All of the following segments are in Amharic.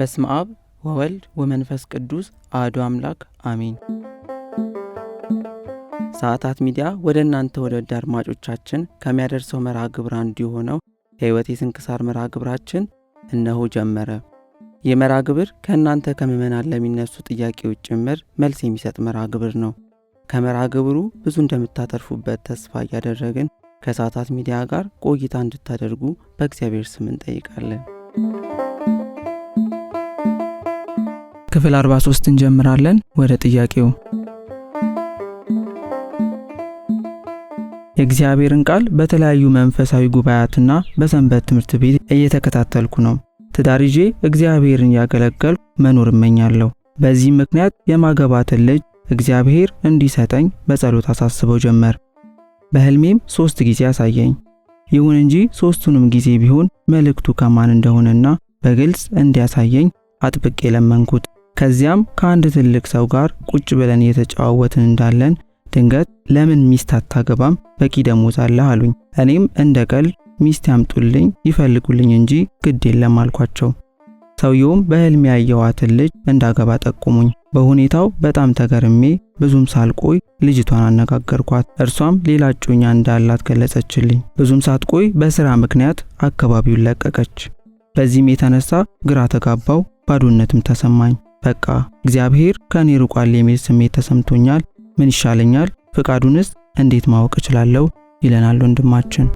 በስመ አብ ወወልድ ወመንፈስ ቅዱስ አሐዱ አምላክ አሜን። ሰዓታት ሚዲያ ወደ እናንተ ወደ ወደ አድማጮቻችን ከሚያደርሰው መርሃ ግብር አንዱ የሆነው የሕይወት የስንክሳር መርሃ ግብራችን እነሆ ጀመረ። ይህ መርሃ ግብር ከእናንተ ከምዕመናን ለሚነሱ ጥያቄዎች ጭምር መልስ የሚሰጥ መርሃ ግብር ነው። ከመርሃ ግብሩ ብዙ እንደምታተርፉበት ተስፋ እያደረግን ከሰዓታት ሚዲያ ጋር ቆይታ እንድታደርጉ በእግዚአብሔር ስም እንጠይቃለን። ክፍል 43 እንጀምራለን። ወደ ጥያቄው የእግዚአብሔርን ቃል በተለያዩ መንፈሳዊ ጉባኤያትና በሰንበት ትምህርት ቤት እየተከታተልኩ ነው። ትዳር ይዤ እግዚአብሔርን እያገለገልኩ መኖር እመኛለሁ። በዚህም ምክንያት የማገባትን ልጅ እግዚአብሔር እንዲሰጠኝ በጸሎት አሳስበው ጀመር። በህልሜም ሶስት ጊዜ አሳየኝ። ይሁን እንጂ ሶስቱንም ጊዜ ቢሆን መልእክቱ ከማን እንደሆነና በግልጽ እንዲያሳየኝ አጥብቄ ለመንኩት። ከዚያም ከአንድ ትልቅ ሰው ጋር ቁጭ ብለን እየተጨዋወትን እንዳለን ድንገት ለምን ሚስት አታገባም በቂ ደሞዝ አለህ አሉኝ። እኔም እንደ ቀልድ ሚስት ያምጡልኝ ይፈልጉልኝ እንጂ ግድ የለም አልኳቸው። ሰውየውም በህልም ያየዋትን ልጅ እንዳገባ ጠቁሙኝ። በሁኔታው በጣም ተገርሜ ብዙም ሳልቆይ ልጅቷን አነጋገርኳት። እርሷም ሌላ ጩኛ እንዳላት ገለጸችልኝ። ብዙም ሳትቆይ በስራ ምክንያት አካባቢውን ለቀቀች። በዚህም የተነሳ ግራ ተጋባው፣ ባዶነትም ተሰማኝ። በቃ እግዚአብሔር ከእኔ ርቋል የሚል ስሜት ተሰምቶኛል። ምን ይሻለኛል? ፍቃዱንስ እንዴት ማወቅ እችላለሁ? ይለናል ወንድማችን።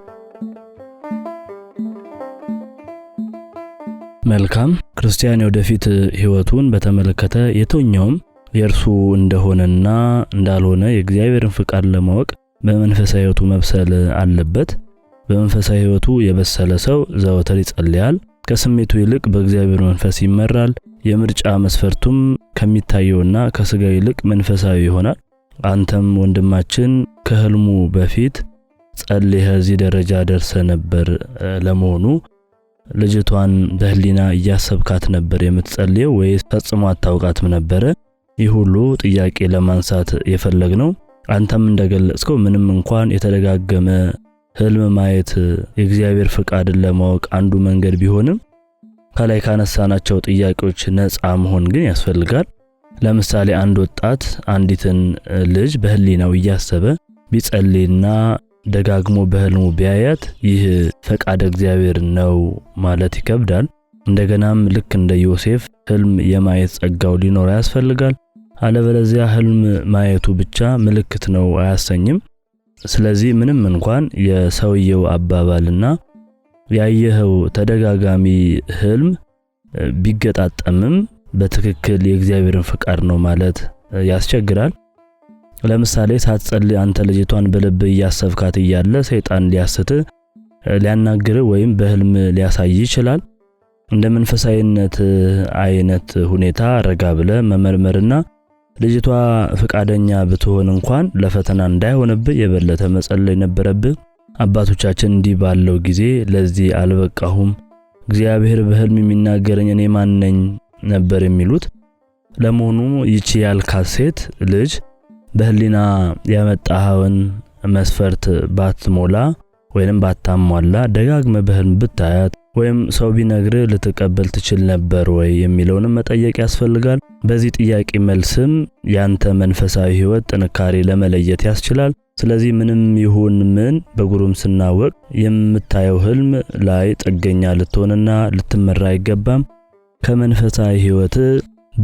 መልካም ክርስቲያን የወደፊት ሕይወቱን በተመለከተ የትኛውም የእርሱ እንደሆነና እንዳልሆነ የእግዚአብሔርን ፍቃድ ለማወቅ በመንፈሳዊ ሕይወቱ መብሰል አለበት። በመንፈሳዊ ሕይወቱ የበሰለ ሰው ዘወትር ይጸልያል፣ ከስሜቱ ይልቅ በእግዚአብሔር መንፈስ ይመራል። የምርጫ መስፈርቱም ከሚታየውና ከስጋ ይልቅ መንፈሳዊ ይሆናል። አንተም ወንድማችን ከህልሙ በፊት ጸልየህ እዚህ ደረጃ ደርሰ ነበር። ለመሆኑ ልጅቷን በህሊና እያሰብካት ነበር የምትጸልየው ወይስ ፈጽሞ አታውቃትም ነበረ? ይህ ሁሉ ጥያቄ ለማንሳት የፈለግ ነው። አንተም እንደገለጽከው ምንም እንኳን የተደጋገመ ህልም ማየት የእግዚአብሔር ፍቃድን ለማወቅ አንዱ መንገድ ቢሆንም ከላይ ካነሳናቸው ጥያቄዎች ነፃ መሆን ግን ያስፈልጋል። ለምሳሌ አንድ ወጣት አንዲትን ልጅ በህሊናው እያሰበ ቢጸልይና ደጋግሞ በህልሙ ቢያያት ይህ ፈቃድ እግዚአብሔር ነው ማለት ይከብዳል። እንደገናም ልክ እንደ ዮሴፍ ህልም የማየት ጸጋው ሊኖር ያስፈልጋል። አለበለዚያ ህልም ማየቱ ብቻ ምልክት ነው አያሰኝም። ስለዚህ ምንም እንኳን የሰውየው አባባልና ያየኸው ተደጋጋሚ ህልም ቢገጣጠምም በትክክል የእግዚአብሔርን ፈቃድ ነው ማለት ያስቸግራል። ለምሳሌ ሳትጸልይ አንተ ልጅቷን በልብ እያሰብካት እያለ ሰይጣን ሊያስት ሊያናግር ወይም በህልም ሊያሳይ ይችላል። እንደ መንፈሳዊነት አይነት ሁኔታ ረጋ ብለ መመርመርና ልጅቷ ፈቃደኛ ብትሆን እንኳን ለፈተና እንዳይሆንብህ የበለተ መጸለይ ነበረብህ። አባቶቻችን እንዲህ ባለው ጊዜ ለዚህ አልበቃሁም፣ እግዚአብሔር በሕልም የሚናገረኝ እኔ ማን ነኝ ነበር የሚሉት። ለመሆኑ ይቺ ያልካት ሴት ልጅ በህሊና ያመጣኸውን መስፈርት ባትሞላ ወይንም ባታሟላ ደጋግመ በህልም ብታያት ወይም ሰው ቢነግር ልትቀበል ትችል ነበር ወይ የሚለውንም መጠየቅ ያስፈልጋል። በዚህ ጥያቄ መልስም ያንተ መንፈሳዊ ሕይወት ጥንካሬ ለመለየት ያስችላል። ስለዚህ ምንም ይሁን ምን በጉርምስና ወቅት የምታየው ህልም ላይ ጥገኛ ልትሆንና ልትመራ አይገባም። ከመንፈሳዊ ህይወት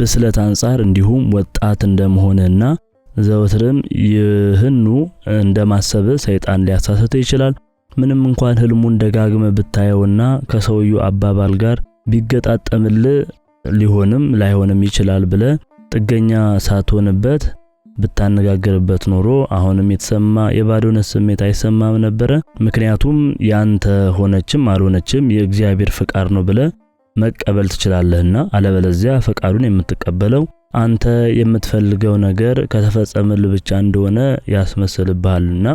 ብስለት አንጻር እንዲሁም ወጣት እንደመሆነና ዘወትርም ይህኑ እንደማሰብ ሰይጣን ሊያሳስተ ይችላል። ምንም እንኳን ህልሙን ደጋግመ ብታየውና ከሰውዩ አባባል ጋር ቢገጣጠምል ሊሆንም ላይሆንም ይችላል ብለ ጥገኛ ሳትሆንበት ብታነጋገርበት ኖሮ አሁንም የተሰማ የባዶነት ስሜት አይሰማም ነበረ። ምክንያቱም ያንተ ሆነችም አልሆነችም የእግዚአብሔር ፍቃድ ነው ብለ መቀበል ትችላለህና፣ አለበለዚያ ፈቃዱን የምትቀበለው አንተ የምትፈልገው ነገር ከተፈጸመል ብቻ እንደሆነ ያስመስልብሃልና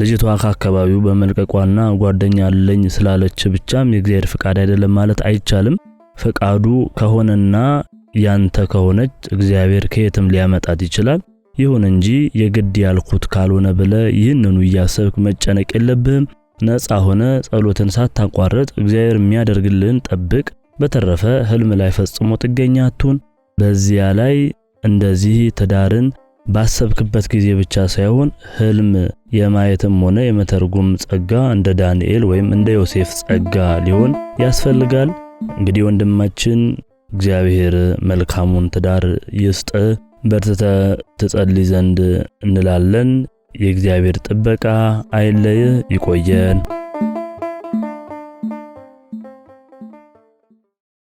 ልጅቷ ከአካባቢው በመልቀቋና ጓደኛ አለኝ ስላለች ብቻም የእግዚአብሔር ፍቃድ አይደለም ማለት አይቻልም። ፈቃዱ ከሆነና ያንተ ከሆነች እግዚአብሔር ከየትም ሊያመጣት ይችላል። ይሁን እንጂ የግድ ያልኩት ካልሆነ ብለ ይህንኑ እያሰብክ መጨነቅ የለብህም። ነፃ ሆነ ጸሎትን ሳታቋርጥ እግዚአብሔር የሚያደርግልን ጠብቅ። በተረፈ ህልም ላይ ፈጽሞ ጥገኛ አትሁን። በዚያ ላይ እንደዚህ ትዳርን ባሰብክበት ጊዜ ብቻ ሳይሆን ህልም የማየትም ሆነ የመተርጉም ጸጋ እንደ ዳንኤል ወይም እንደ ዮሴፍ ጸጋ ሊሆን ያስፈልጋል። እንግዲህ ወንድማችን እግዚአብሔር መልካሙን ትዳር ይስጥ። በርትተ ትጸልይ ዘንድ እንላለን። የእግዚአብሔር ጥበቃ አይለይህ። ይቆየን።